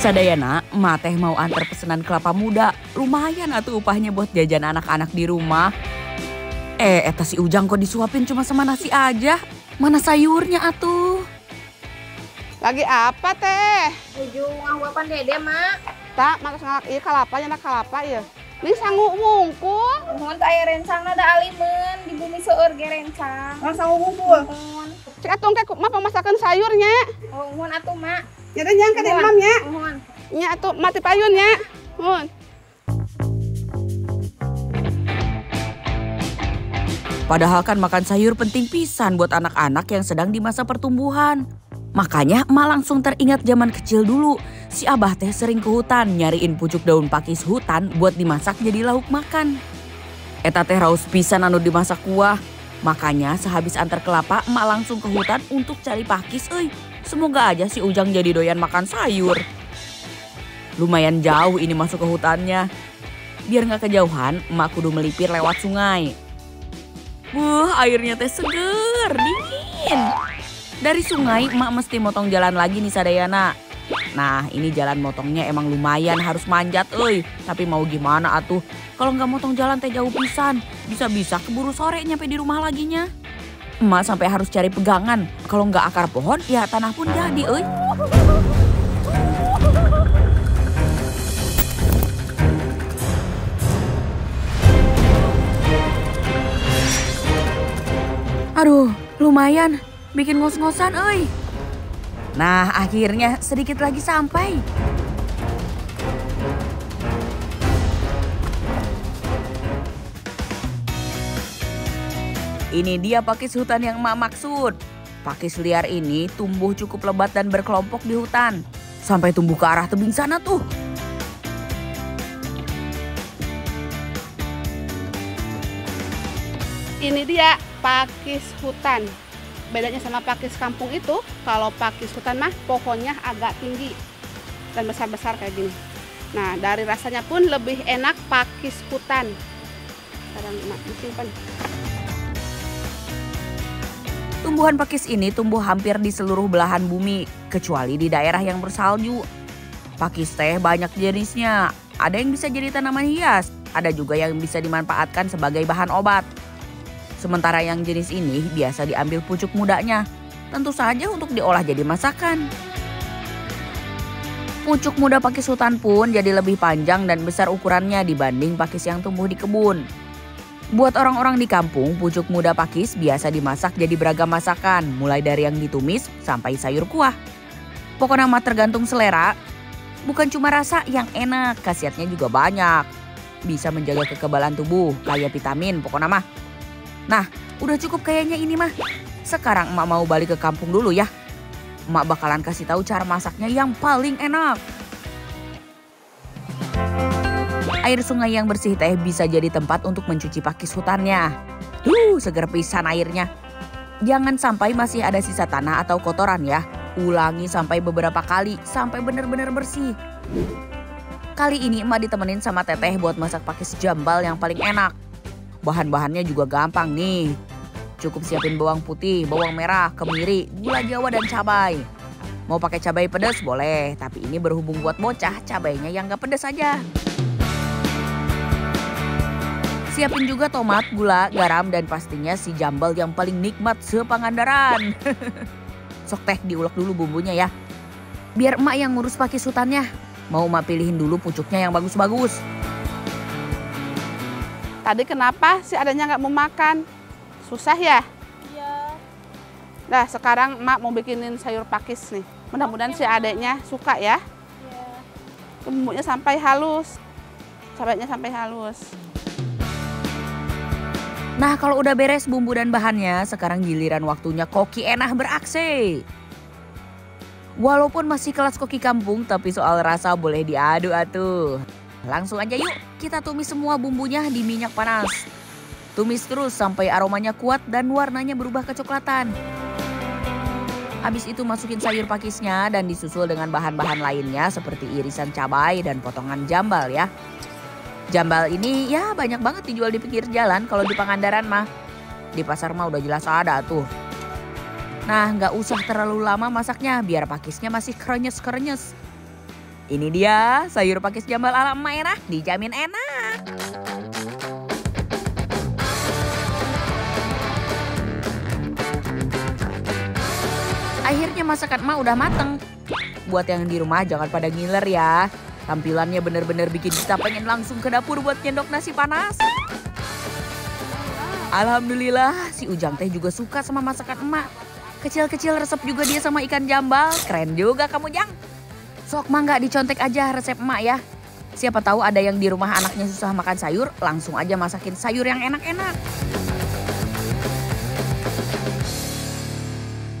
Sadayana, Ma teh mau antar pesanan kelapa muda. Lumayan atuh upahnya buat jajan anak-anak di rumah. Eh, eta si Ujang kok disuapin cuma sama nasi aja. Mana sayurnya atuh? Lagi apa teh? Ujung ngawapan dede, mak. Tak, mak ngalak iya kalapa, nyana nak kalapa iya. Ini sanggup mungkul. Mohon tak ayah rencang, ada alimen. Di bumi seur ge rencang. Oh, mohon sanggup mungkul. Cek atung teh, mak pemasakan sayurnya. Oh, mohon atuh, mak. Ya dan jangan kada imam ya. Ya iya, tuh mati payun ya. Mohon. Padahal kan makan sayur penting pisan buat anak-anak yang sedang di masa pertumbuhan. Makanya emak langsung teringat zaman kecil dulu. Si abah teh sering ke hutan nyariin pucuk daun pakis hutan buat dimasak jadi lauk makan. Eta teh raus pisan anu dimasak kuah. Makanya sehabis antar kelapa emak langsung ke hutan untuk cari pakis euy. Semoga aja si Ujang jadi doyan makan sayur. Lumayan jauh ini masuk ke hutannya. Biar nggak kejauhan, emak kudu melipir lewat sungai. Wah, airnya teh seger, dingin. Dari sungai, emak mesti motong jalan lagi nih Sadayana. Nah, ini jalan motongnya emang lumayan harus manjat, oi. Tapi mau gimana atuh? Kalau nggak motong jalan teh jauh pisan, bisa-bisa keburu sore nyampe di rumah laginya. Emak sampai harus cari pegangan. Kalau nggak akar pohon, ya tanah pun jadi, euy. Aduh, lumayan. Bikin ngos-ngosan, euy. Nah, akhirnya sedikit lagi sampai. Ini dia pakis hutan yang emak maksud. Pakis liar ini tumbuh cukup lebat dan berkelompok di hutan. Sampai tumbuh ke arah tebing sana tuh. Ini dia pakis hutan. Bedanya sama pakis kampung itu, kalau pakis hutan mah pokoknya agak tinggi dan besar-besar kayak gini. Nah, dari rasanya pun lebih enak pakis hutan. Sekarang mak disimpan. Tumbuhan pakis ini tumbuh hampir di seluruh belahan bumi, kecuali di daerah yang bersalju. Pakis teh banyak jenisnya, ada yang bisa jadi tanaman hias, ada juga yang bisa dimanfaatkan sebagai bahan obat. Sementara yang jenis ini biasa diambil pucuk mudanya, tentu saja untuk diolah jadi masakan. Pucuk muda pakis hutan pun jadi lebih panjang dan besar ukurannya dibanding pakis yang tumbuh di kebun. Buat orang-orang di kampung, pucuk muda pakis biasa dimasak jadi beragam masakan, mulai dari yang ditumis sampai sayur kuah. Pokoknya nama tergantung selera, bukan cuma rasa yang enak, khasiatnya juga banyak. Bisa menjaga kekebalan tubuh, kaya vitamin pokoknya mah. Nah, udah cukup kayaknya ini mah. Sekarang emak mau balik ke kampung dulu ya. Emak bakalan kasih tahu cara masaknya yang paling enak. Air sungai yang bersih teh bisa jadi tempat untuk mencuci pakis hutannya. Duh, seger pisan airnya. Jangan sampai masih ada sisa tanah atau kotoran ya. Ulangi sampai beberapa kali, sampai benar-benar bersih. Kali ini emak ditemenin sama teteh buat masak pakis jambal yang paling enak. Bahan-bahannya juga gampang nih. Cukup siapin bawang putih, bawang merah, kemiri, gula jawa, dan cabai. Mau pakai cabai pedas boleh, tapi ini berhubung buat bocah, cabainya yang gak pedas aja. Siapin juga tomat, gula, garam, dan pastinya si jambal yang paling nikmat sepangandaran. Sok teh diulek dulu bumbunya ya. Biar emak yang ngurus pakai sutannya. Mau emak pilihin dulu pucuknya yang bagus-bagus. Tadi kenapa si adanya nggak mau makan? Susah ya? Iya. Nah sekarang emak mau bikinin sayur pakis nih. Mudah-mudahan si iya. adeknya suka ya. Iya. Bumbunya sampai halus. Cabainya sampai halus. Nah kalau udah beres bumbu dan bahannya, sekarang giliran waktunya koki enak beraksi. Walaupun masih kelas koki kampung, tapi soal rasa boleh diadu atuh. Langsung aja yuk, kita tumis semua bumbunya di minyak panas. Tumis terus sampai aromanya kuat dan warnanya berubah kecoklatan. Habis itu masukin sayur pakisnya dan disusul dengan bahan-bahan lainnya seperti irisan cabai dan potongan jambal ya. Jambal ini ya banyak banget dijual di pinggir jalan kalau di Pangandaran mah. Di pasar mah udah jelas ada tuh. Nah nggak usah terlalu lama masaknya biar pakisnya masih krenyes-krenyes. Ini dia sayur pakis jambal ala merah dijamin enak. Akhirnya masakan emak udah mateng. Buat yang di rumah jangan pada ngiler ya. Tampilannya benar-benar bikin kita pengen langsung ke dapur buat nyendok nasi panas. Alhamdulillah, si Ujang teh juga suka sama masakan emak. Kecil-kecil resep juga dia sama ikan jambal. Keren juga kamu, Jang. Sok mah nggak dicontek aja resep emak ya. Siapa tahu ada yang di rumah anaknya susah makan sayur, langsung aja masakin sayur yang enak-enak.